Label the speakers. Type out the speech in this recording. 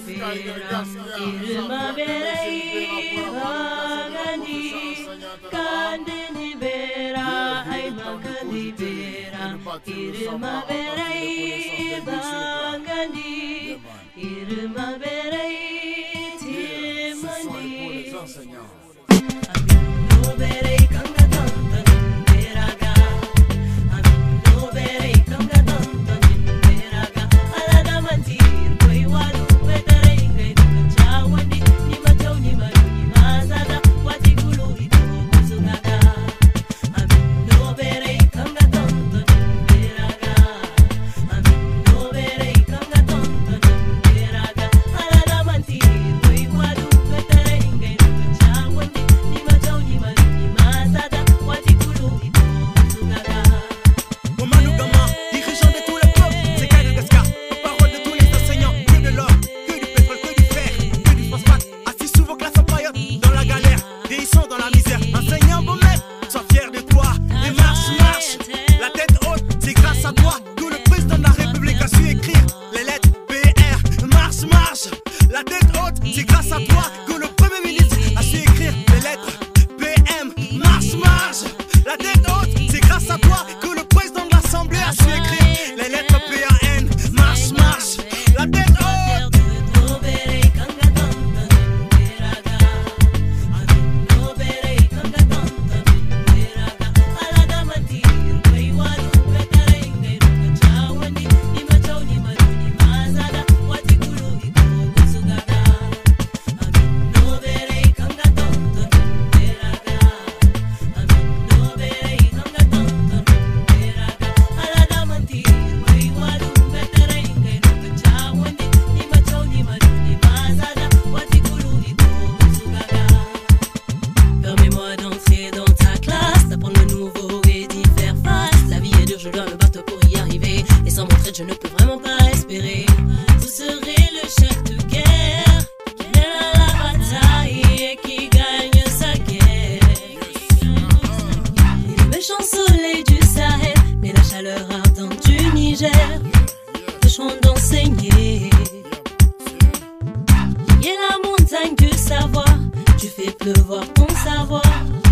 Speaker 1: libera, il m'aveva gandi, kandi
Speaker 2: libera, ai maka libera, il m'aveva gandi, il m'aveva timandi, abino verei cantare.
Speaker 1: C'est grâce à toi que le
Speaker 2: Love.